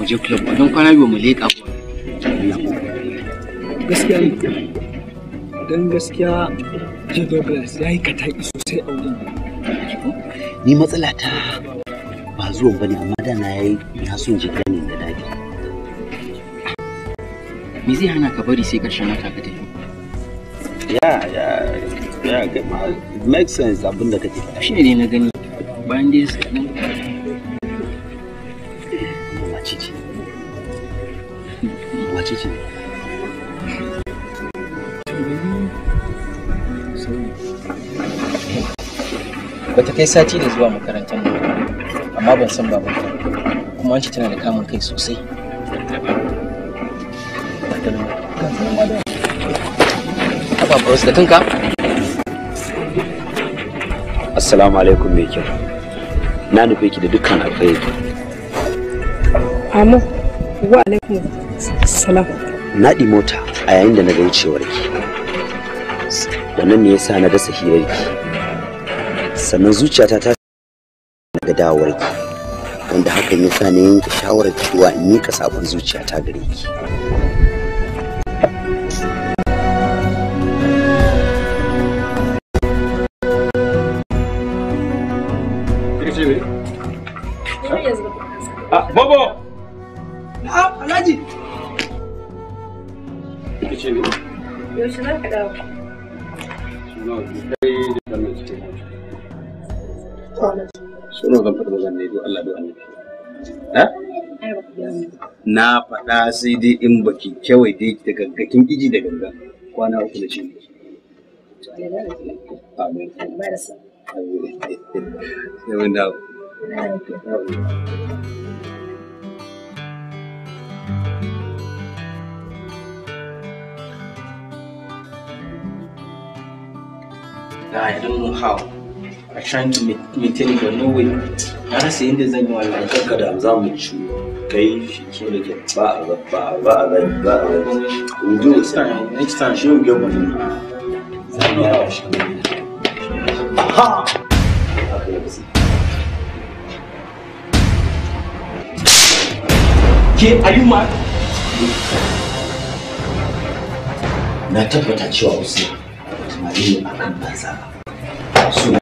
mu je club don kwana biyu mu leƙa gaskiya ne don gaskiya je douglas ya yi kataki sosai a wurin ni matsala ta ba zuwan bane amma da na yi na son je gane da dadi me zai hana ka bari sai karshen wata ka tafi ya ya ya makes sense abin da kake faɗa shi ne na gani bayan dai ciki bata kai sati da zuwa makarantar nan, amma ban san baban kuma wance tana da kamun kai sosai Abba boss da tunka Assalamu alaikum mai kyau. Na nufi ki da dukkan alkhairi. Amu, wa alaikum salam na mota a yayin da na ga wucewar ki wannan ne yasa na dasa hirar ki sannan zuciyata ta na ga dawowar ki wanda hakan yasa ni yanke shawarar cewa in mika sabon zuciyata gare ki na faɗa sai dai in baki kyawai dai da gaggakin iji da ganga kwana uku da ce miki I don't know how. a trying to maintain it, no way. Na rasa yadda zan yi wallahi. Kanka da za mu ci kai shi ke da ke ba a ba ba ba a zai ba a ba a do it time. Next ba a will get money. Zan ba a shi. Aha! Ke, are you Na tabbata cewa Hussein ba a kan banza ba. So,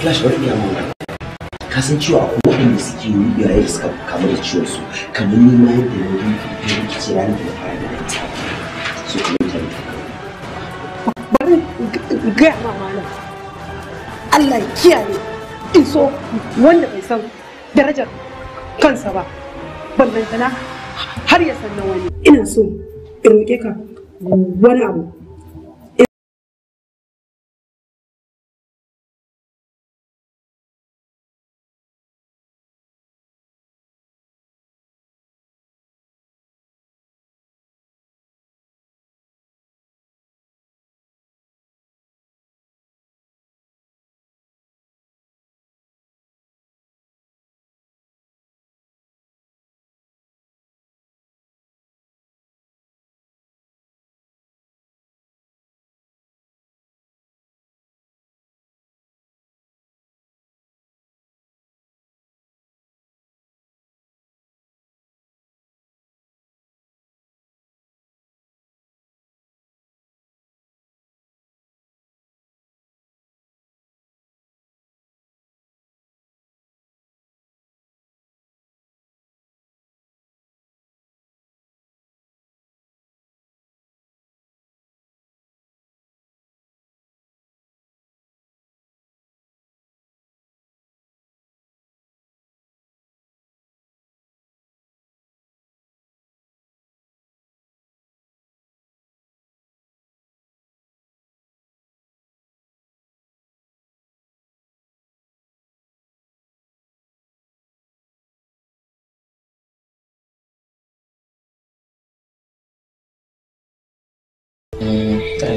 flash bari ya mun ka san cewa akwai wanda suke yi ya yi suka kama da ciwon su kamar ni ma yadda na yi da rikici ranar da fara da ta su kuma ta bari gaya ma malam Allah ya kiyaye in so wanda bai san darajar kansa ba ballantana har ya san na wani ina so in roƙe ka wani abu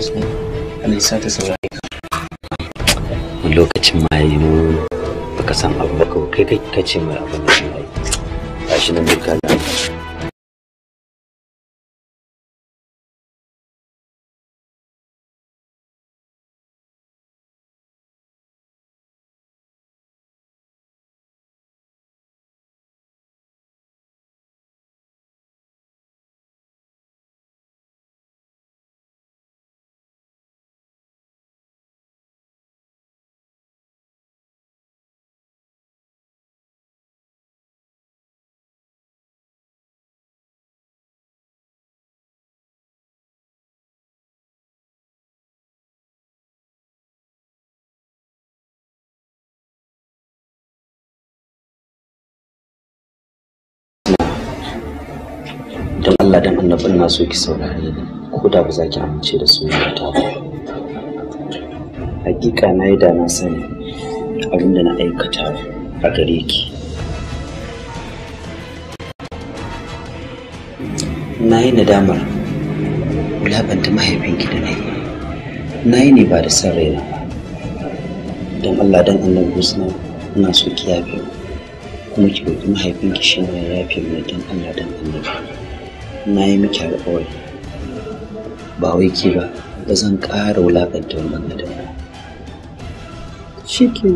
facebook and ya lokacin ma yi baka san abu ba kai kai kace mai abu da shi ne nan duka don Allah dan annabi na so ki saurare ni ko da ba za ki amince da ta ba hakika na yi da na sani abin da na aikata a gare ki na yi nadamar wulaƙanta mahaifinki da na yi na yi ne ba da san raina don Allah dan annabi suna ina so ki yafe kuma ki roƙi mahaifinki shi ne ya yafe mai don Allah dan annabi na yi miki alƙawari ba wai ke ba ba zan ƙara wulaƙanta wannan adam ba shi ke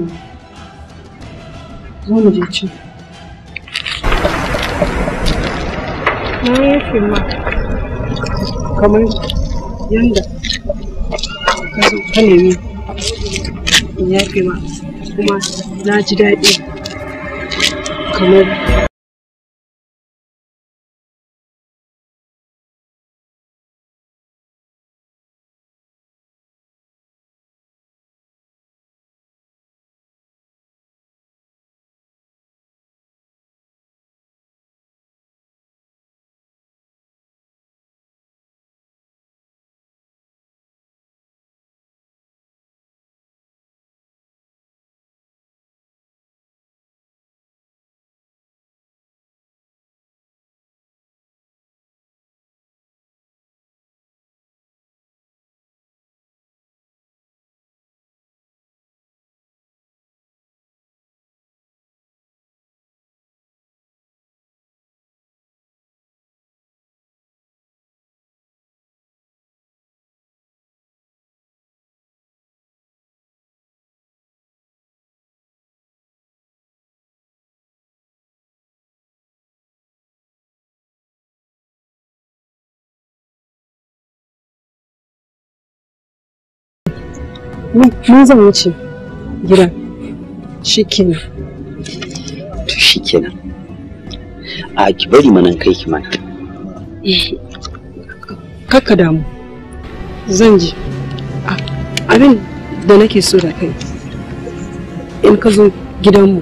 zo mu je ci na yi ma kamar yanda ka zo ka nemi in yafe ma kuma na ji daɗi kamar Ni zan wuce gidan. shikenan. kenan. To shi A ki bari mana kai ki mana. Eh, Kakka damu. Zan je. Abin da nake so da kai. In ka zo gidanmu.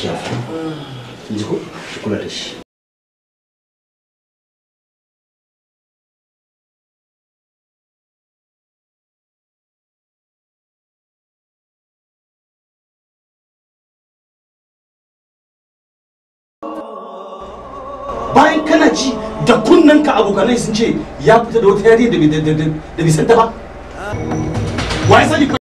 kyafu ji ko bayan kana ji da kunnanka abokanai sun ce ya fita da wata yari da bai ba wai sani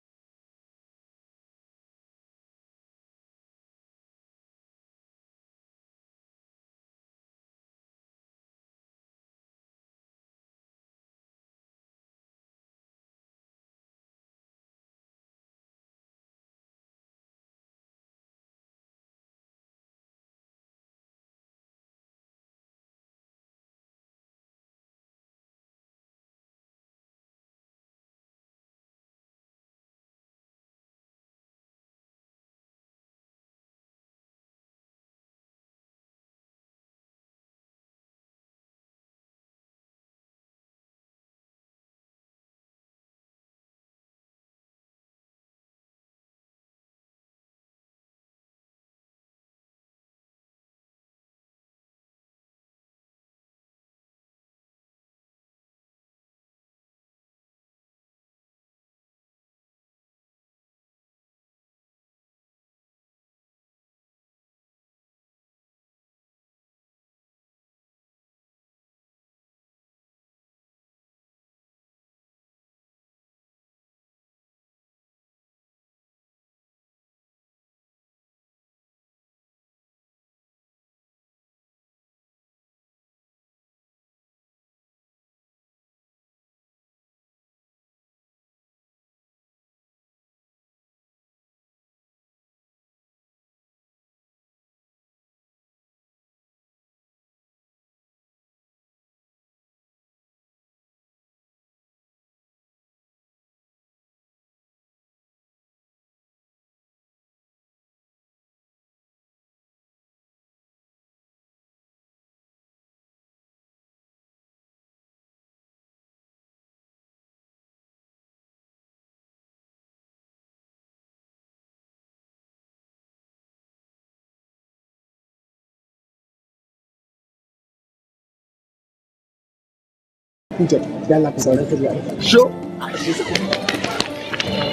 hutar da Allah ka saurare ka zuwa sho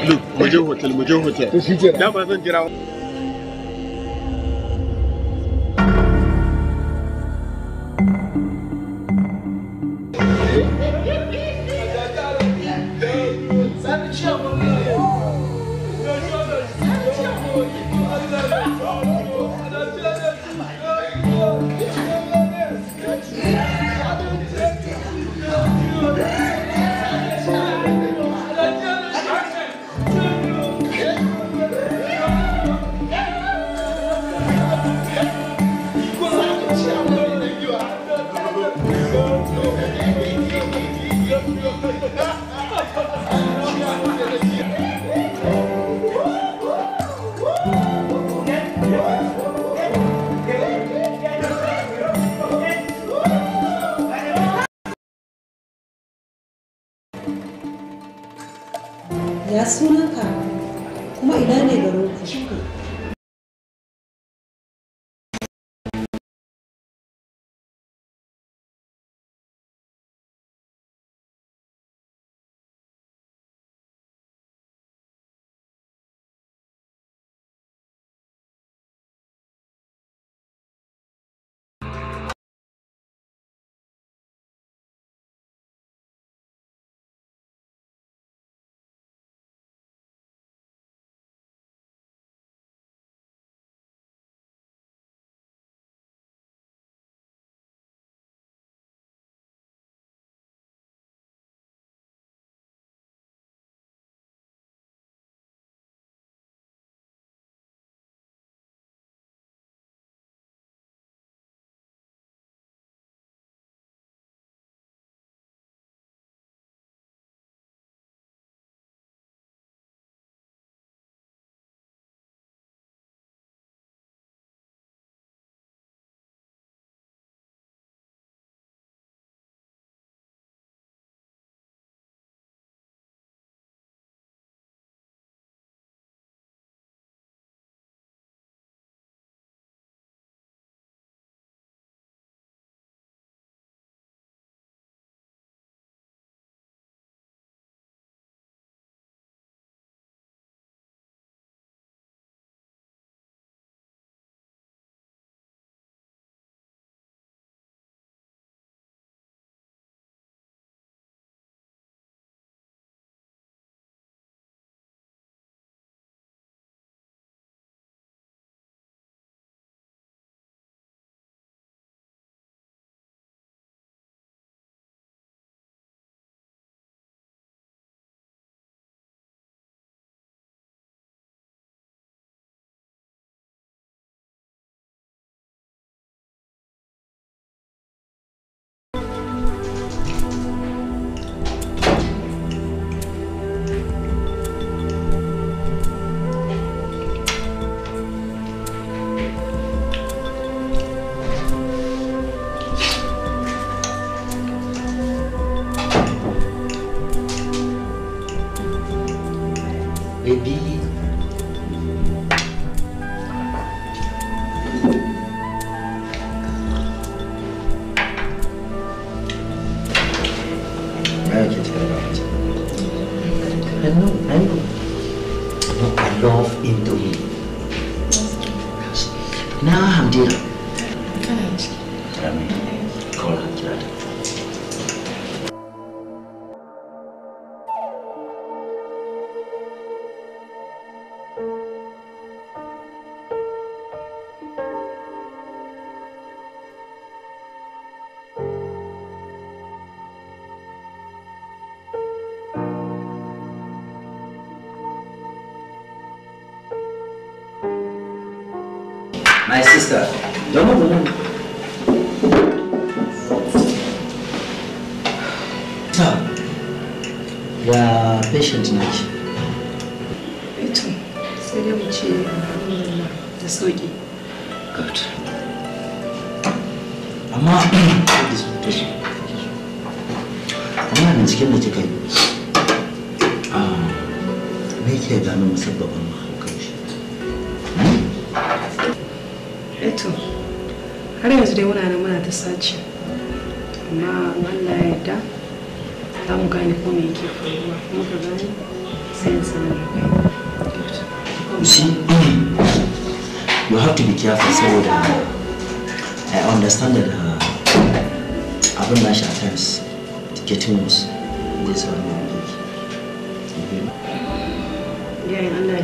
Look, mu je hotel, mu je hotel. Da ba zan jira. na sua cara.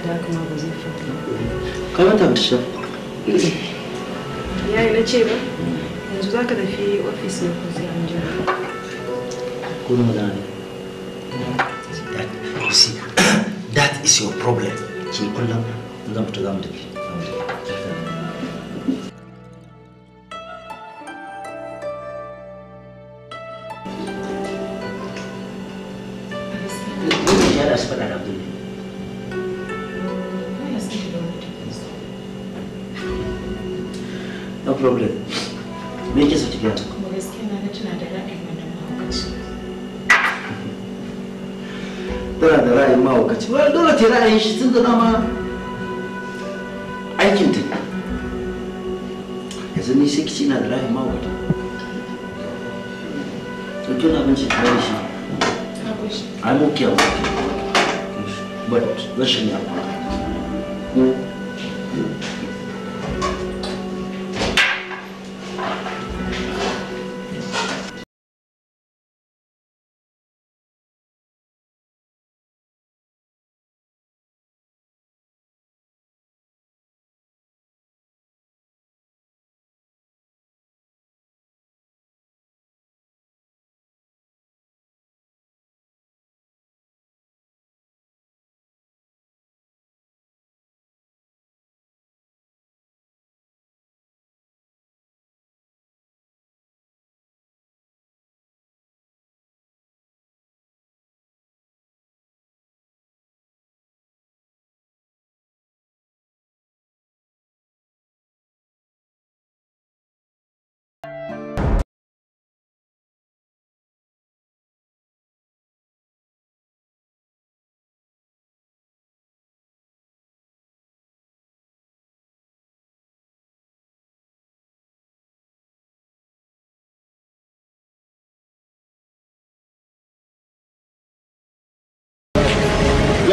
da haka ma ba zai faru kai wata mace ya yi na ce ba yanzu za ka tafi ofis ne ko sai an jira ne that is your problem ki kullum zan fita za mu tafi mutum abinci tare da shi I'm okay, I'm okay. But rashin yawa.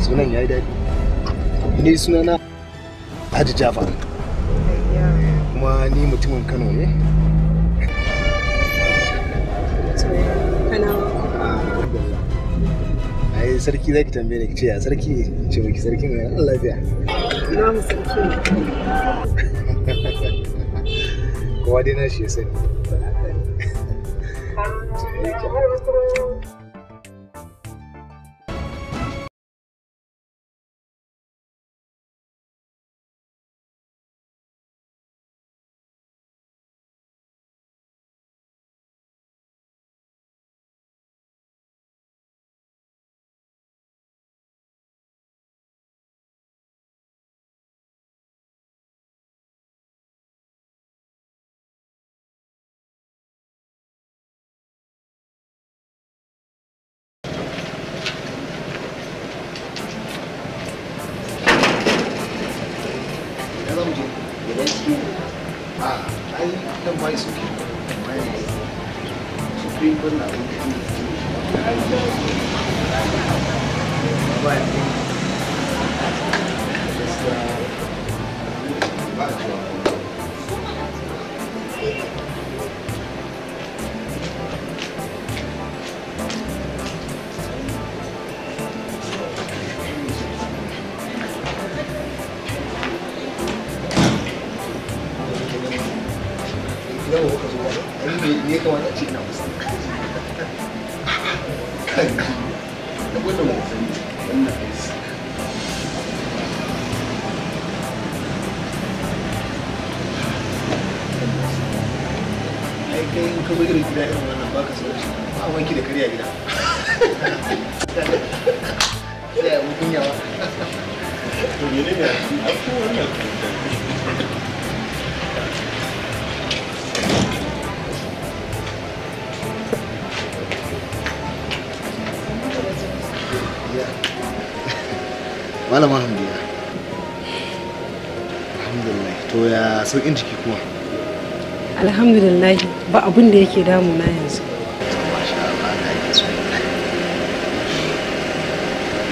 sunan ya yi daɗi ni sunana Hadi Jafar kuma ni mutumin Kano ne ai sarki zaki tambaye ni ce ya sarki ce miki sarki mai Allah lafiya na mu sarki kowa dai na shi ya sani alhamdulillahi ba abin da yake damuna yanzu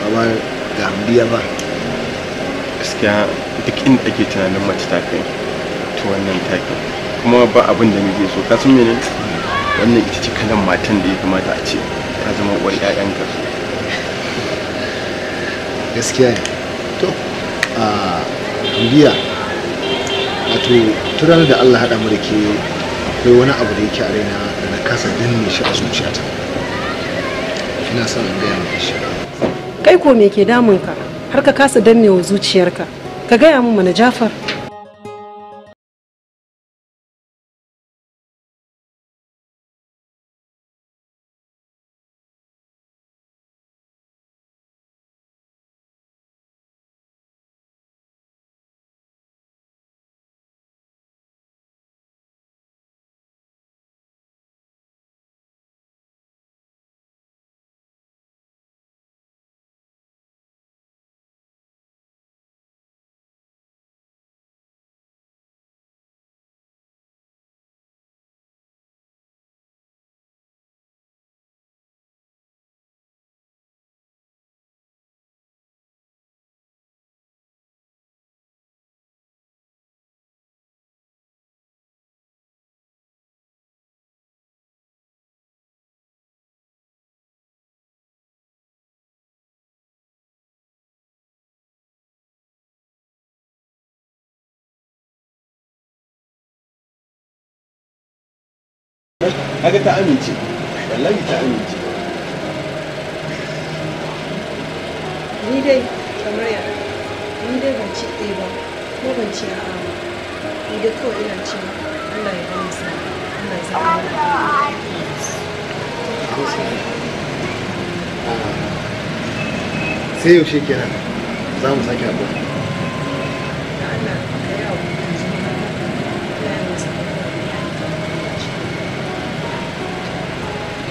Baba ga hamdiya ba gaskiya duk inda ake tunanin mace ta kai wannan kuma ba abin da muke so kasu mene wannan ita ce kalan matan da ya kamata a ce ta zama uwar ka gaskiya ne to a ah, hamdiya wato turar da allah haɗa mu da ke akwai wani abu da yake a raina da na kasa danne shi a zuciyata ina son in gaya maka shi kai ko me ke damun ka har ka kasa danne wa zuciyarka ka gaya min mana jafar kaga ta amince wallahi ta amince ni dai kamar ya ni dai ban ci ɗaya ba ko ban ci a'a ba ni dai kawai ina ci Allah ya bani sa Allah ya zama mana sai yaushe kenan za mu sake abuwa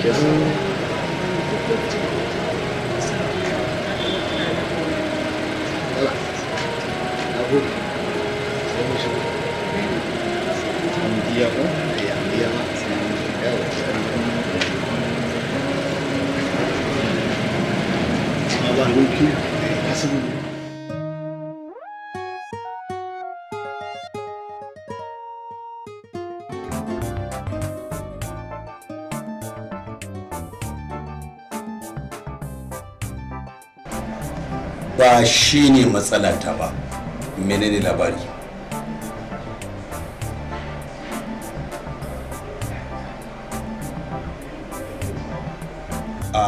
느꼈어요. 나고 재무식 전기하고 양아 이렇게 가슴 ba shi ne matsalata ba menene labari a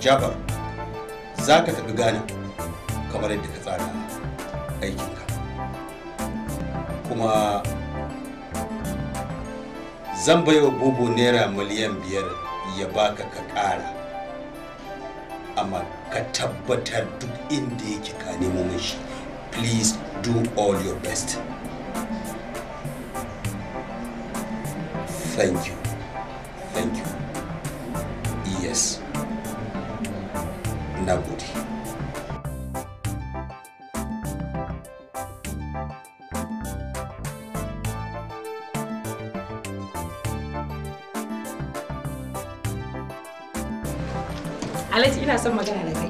jaba za ka tafi gani kamar yadda ka tsara aikinka kuma zan baiwa bobo naira miliyan biyar ya baka ka kara amma ka tabbatar duk inda yake ka nemo min shi please do all your best thank you thank you yes na gode Alhaji ina son magana da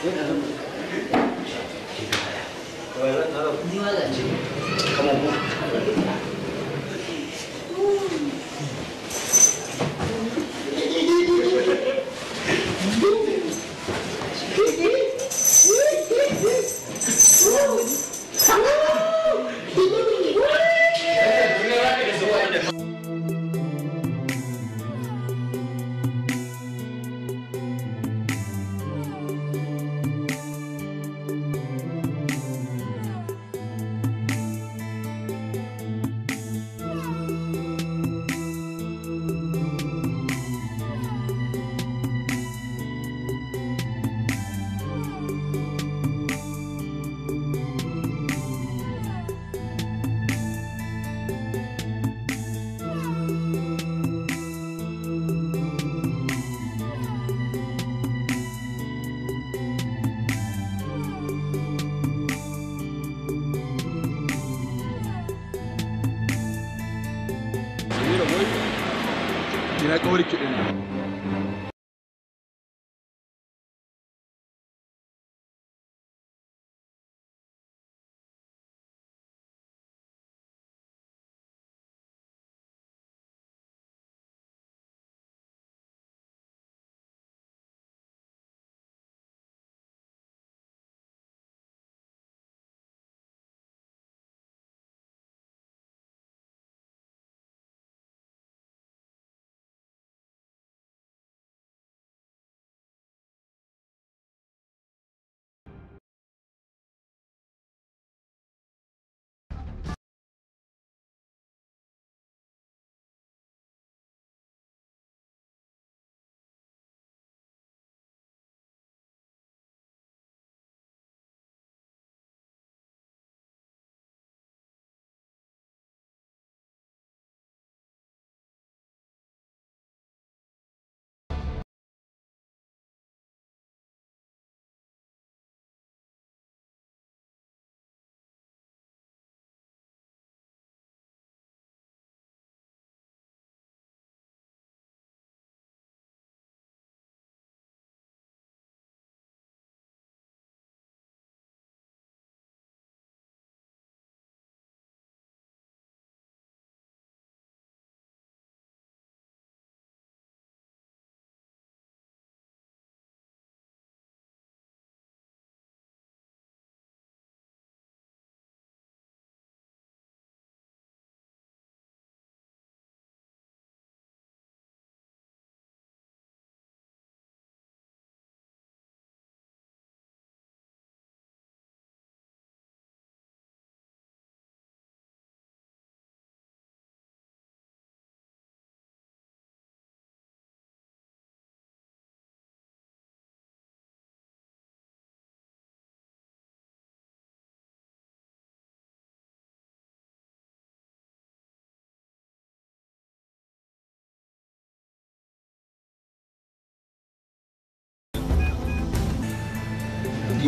Obrigado.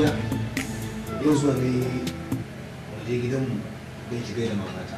ya yau zuwa dai waje gidanmu don ki mamata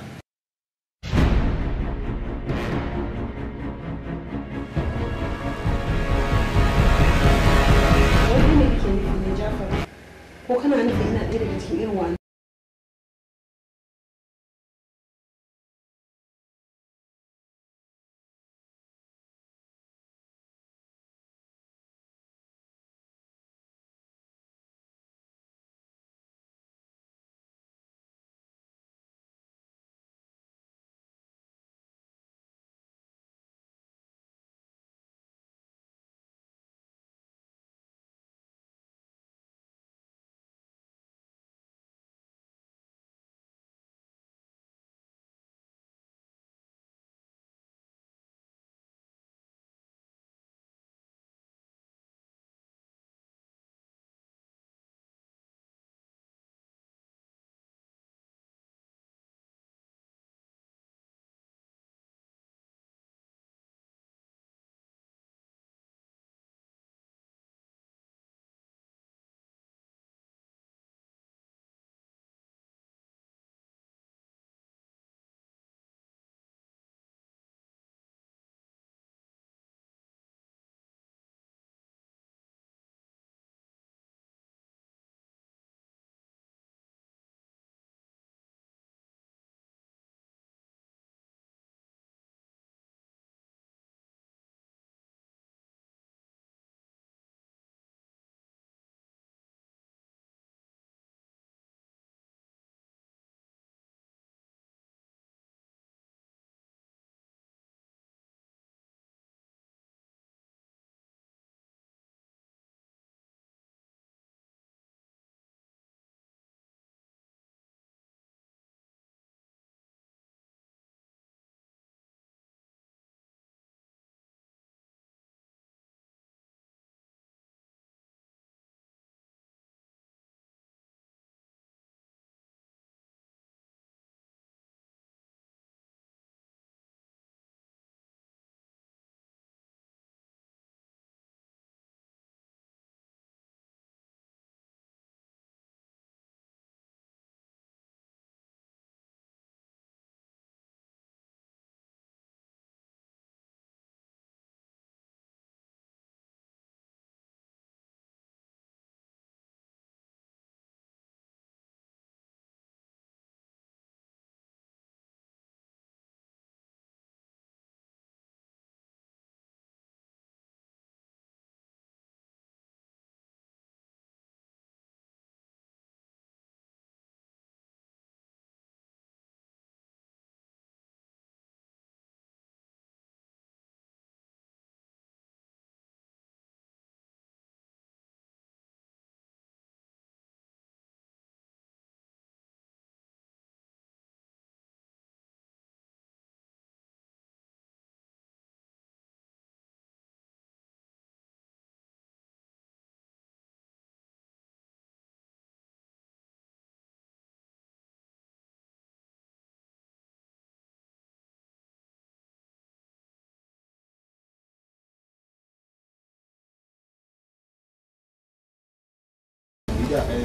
a yi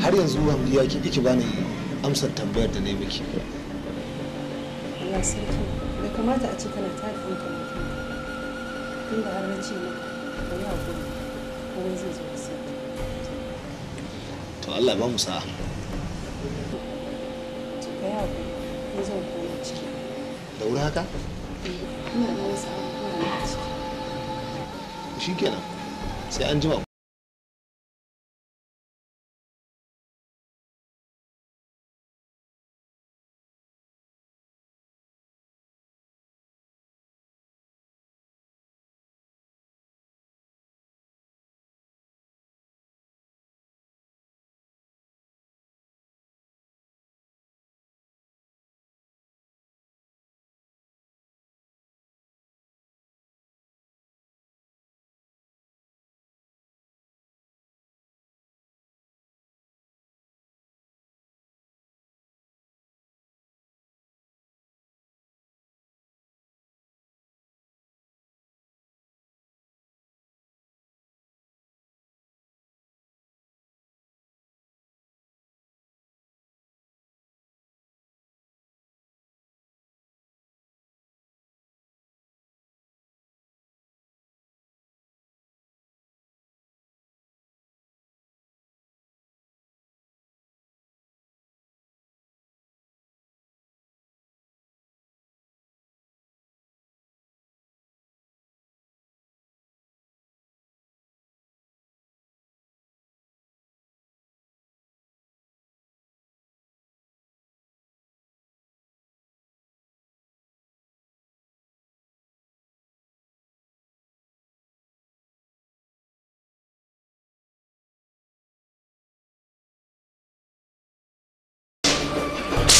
har a yanzu hamdiya ki bani amsar tambayar da na yi miki Allah kamata a ce kana mutum, tun da har na ce da ya hakuri zai zo da to Allah ba mu sa'a to ka yi ko zan koma da wuri haka? Eh, shi kenan sai an jima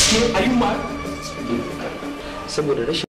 Are you mad? Saboda rashin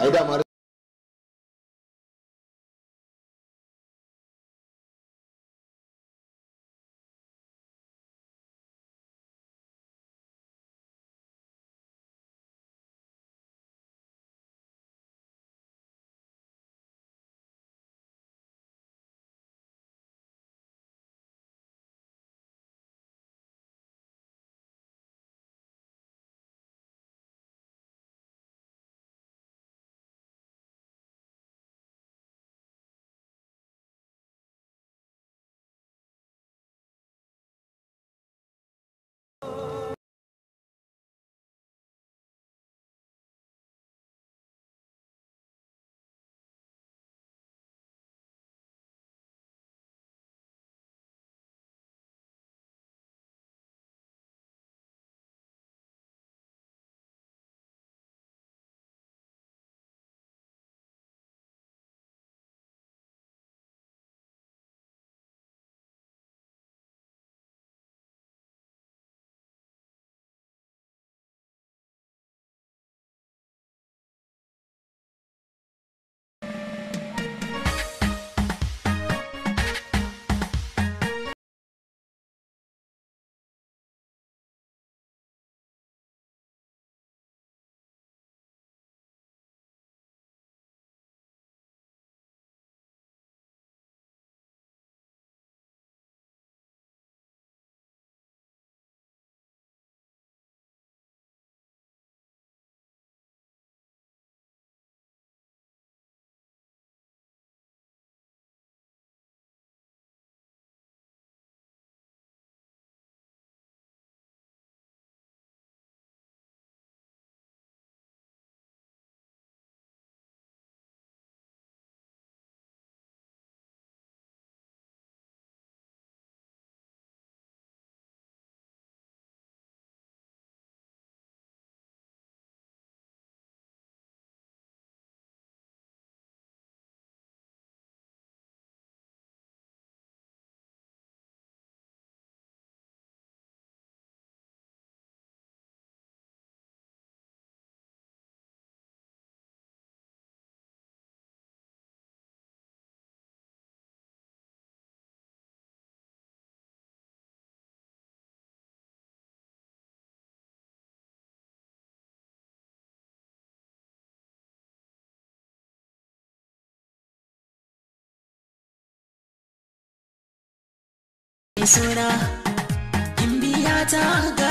Aida Mar suna in biya ta ga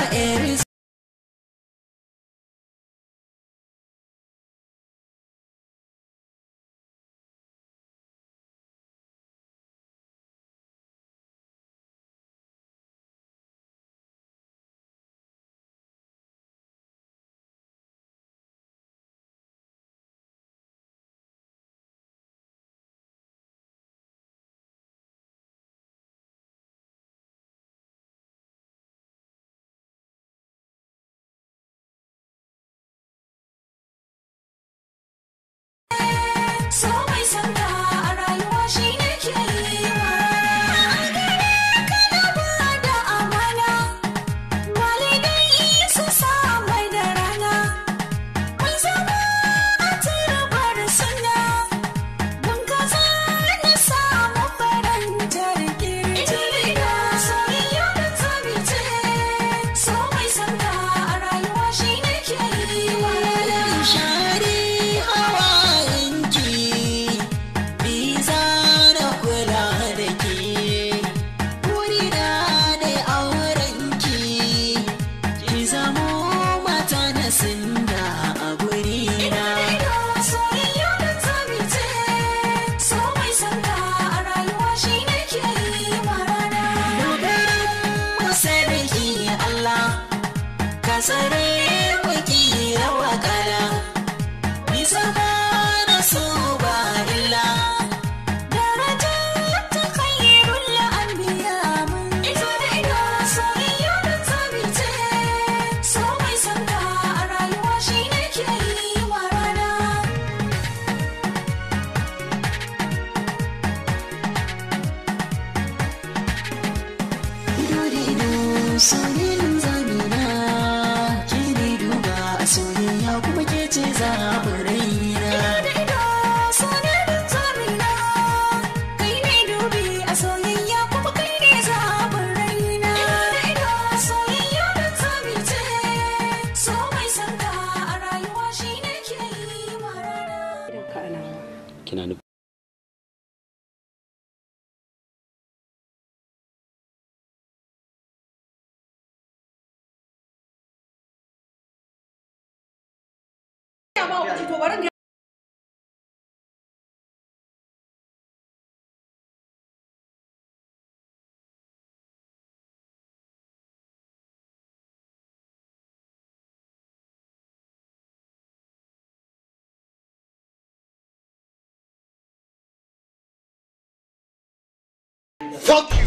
Fuck you!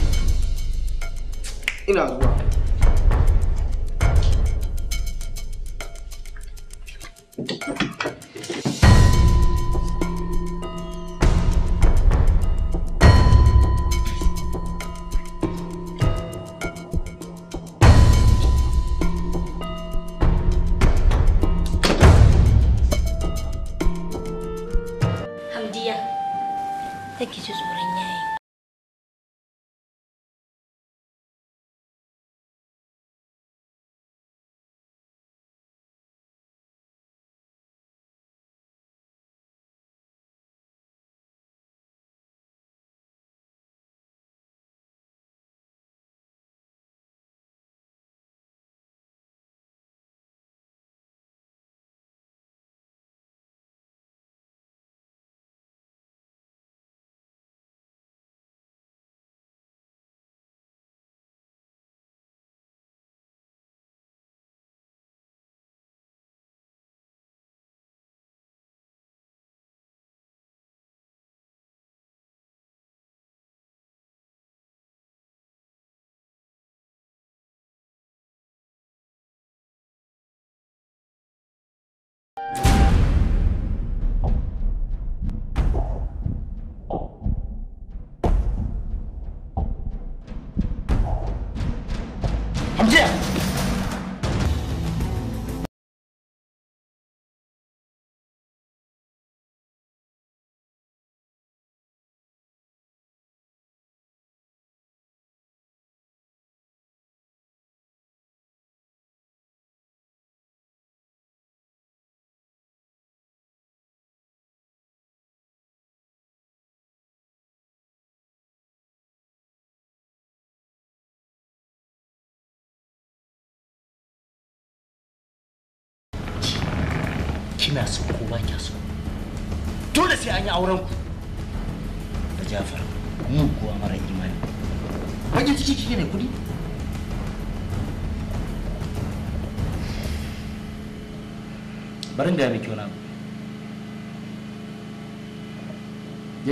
You know I was wrong. Hamdiya, take it kina so ko ba kya son dole sai an yi auren ku da Jafar mu kuwa mara imani bakin ciki kike ne kudi barin da ya miki wani abu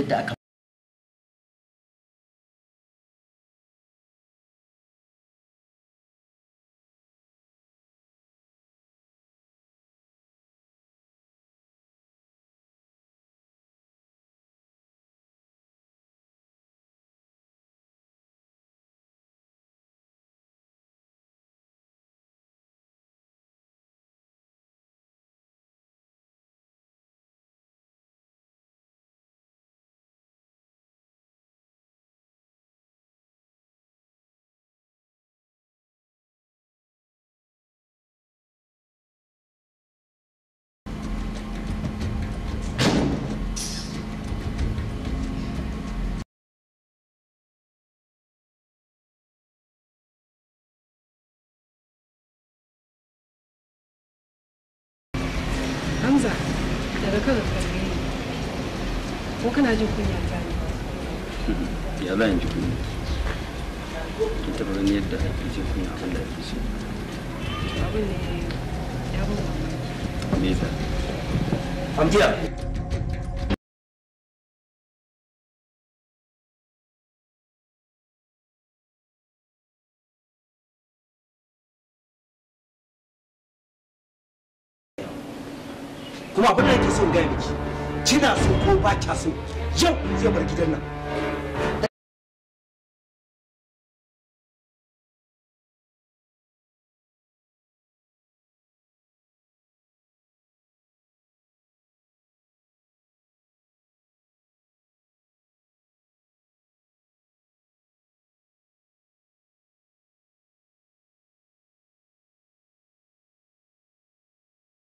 yadda aka daga kan kana jin kunya ta ne ya zan ne gaya miki kina so ko ba kya so yau zai bar gidan nan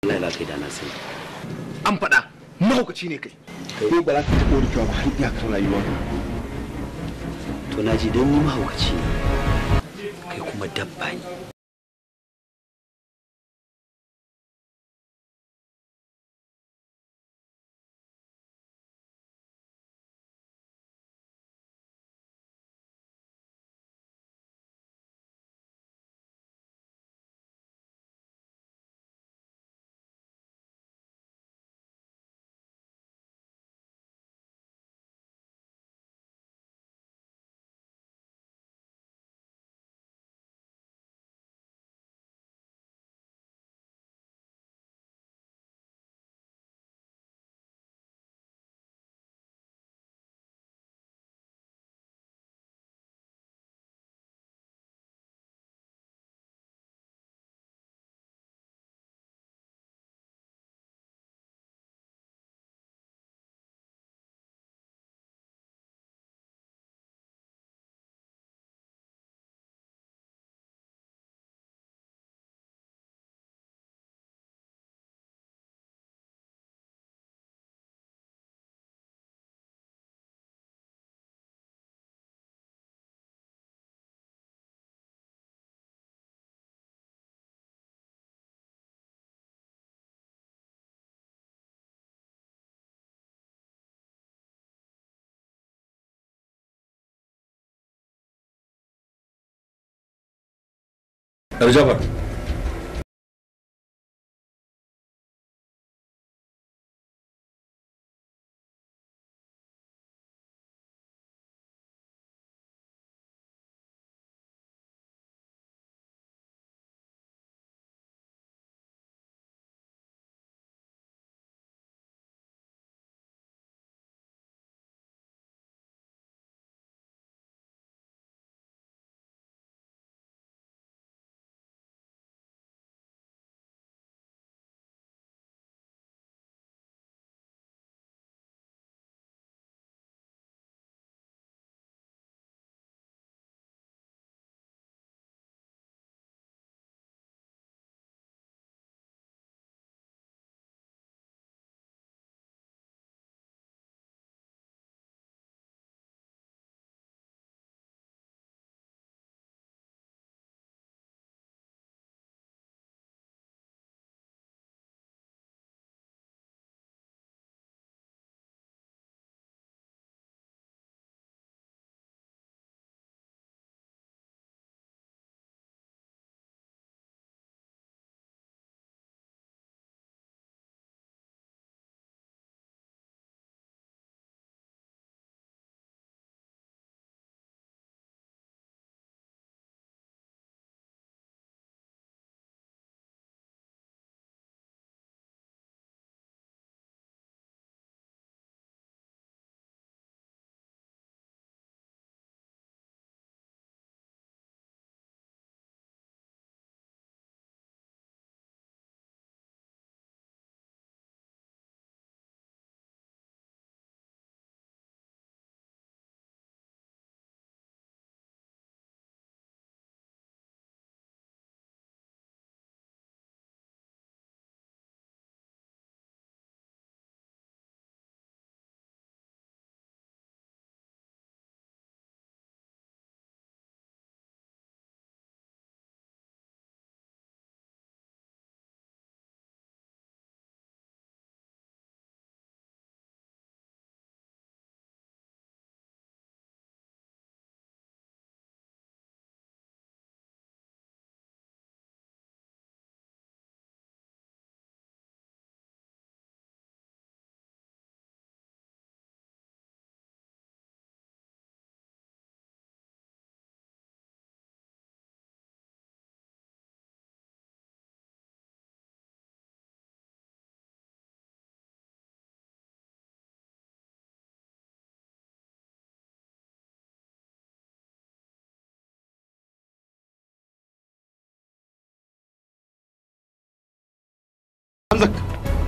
Allah ya ba kai da an faɗa mahaukaci ne kai ko ba za ka taɓa rikewa ba har iyakar rayuwa to na ji don ni mahaukaci ne kai kuma dabba ne Рабзяба,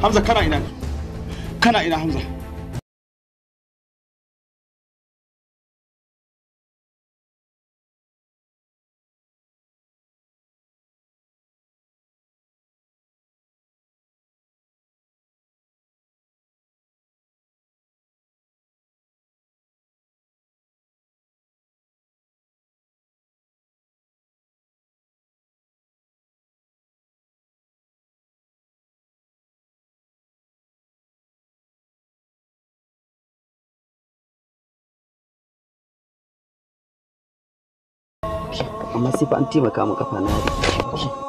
Hamza kana ina? Kana ina Hamza? amma sai fa an taimaka min kafa na yari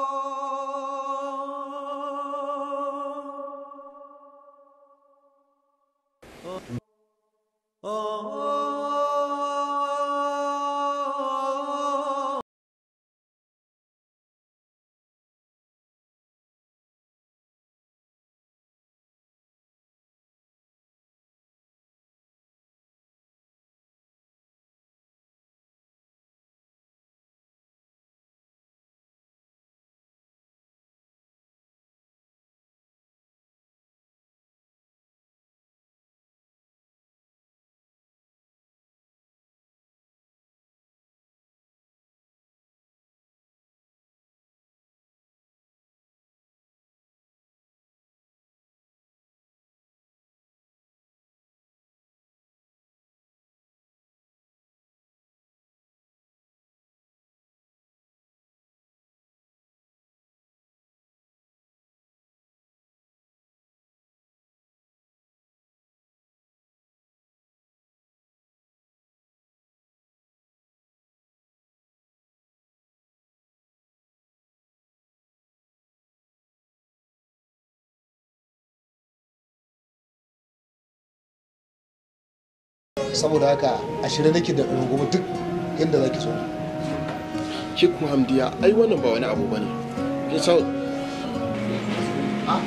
saboda haka a shirin nake da rungumu duk yadda za ki so ki kuma hamdiya ai wannan ba wani abu bane ki san ah.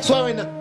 so wai nan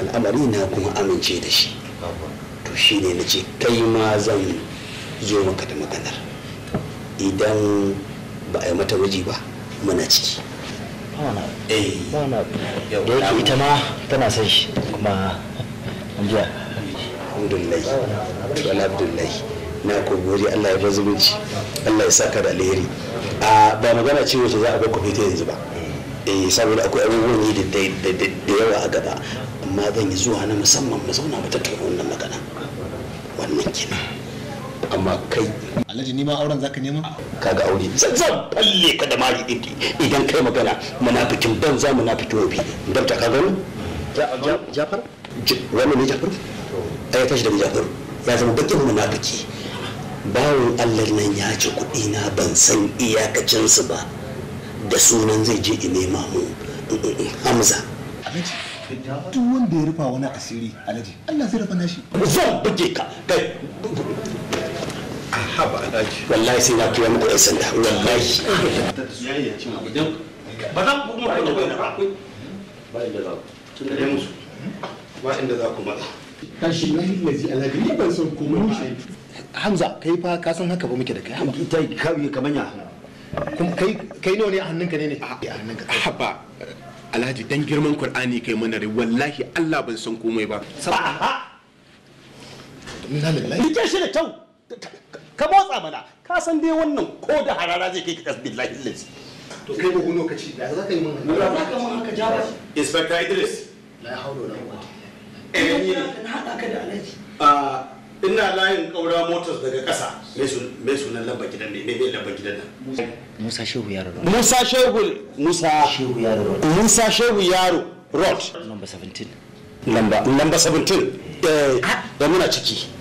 al'amari na kuma amince da shi to shi ne na ce kai ma zan zo maka da maganar idan ba a yi mata miji ba muna ciki eh. da yake ita ma tana son shi kuma jiya alhamdulillah to alhamdulillah na ko Allah ya ba zumunci Allah ya saka da alheri a ba magana ce wace za a ga ku fita yanzu ba eh saboda akwai abubuwan yi da yawa a gaba amma zan yi zuwa na musamman mu zauna mu tattauna wannan magana wannan kina amma kai alhaji ni ma auren zaka nema kaga aure zan balle ka da mari din idan kai magana munafikin ban za munafiki wabi dan ta kaga ni jafar wani ne jafar ai tashi da jafar ya zama bakin munafiki bawon allah nan ya ci kuɗi na ban san iyakacinsu ba da sunan zai je in nema mu mm, mm, mm. hamza duk wanda ya rufa wani asiri alaji Allah zai rufa nashi zan buge ka kai haba alaji wallahi sai na tura muku ɗan sanda wallahi ba za ku kuma ba ba inda za ku tun da musu ba inda za ku matsa kashi na hillazi alaji ni ban son komai Hamza kai fa ka san haka ba muke da kai haba kai kamar ya kai ne a hannunka ne ne a hannunka haba alhaji dan girman qur'ani kai mana rai wallahi allah ban san komai ba rike shi da kyau ka motsa mana ka san dai wannan ko da harara zai kai ka kasbi lahi to kai bugu lokaci da za ka yi mun harara za ka mun haka jaba inspector idris la hawla wala quwwata illa billah eh, na hada ka da alhaji ah, ina layin kaura motors daga kasa mai sunan lamba gidan ne mai lamba gidan nan musa shehu yaro musa shehu musa shehu yaro musa shehu yaro road number 17 lamba 17 eh ah. da muna ciki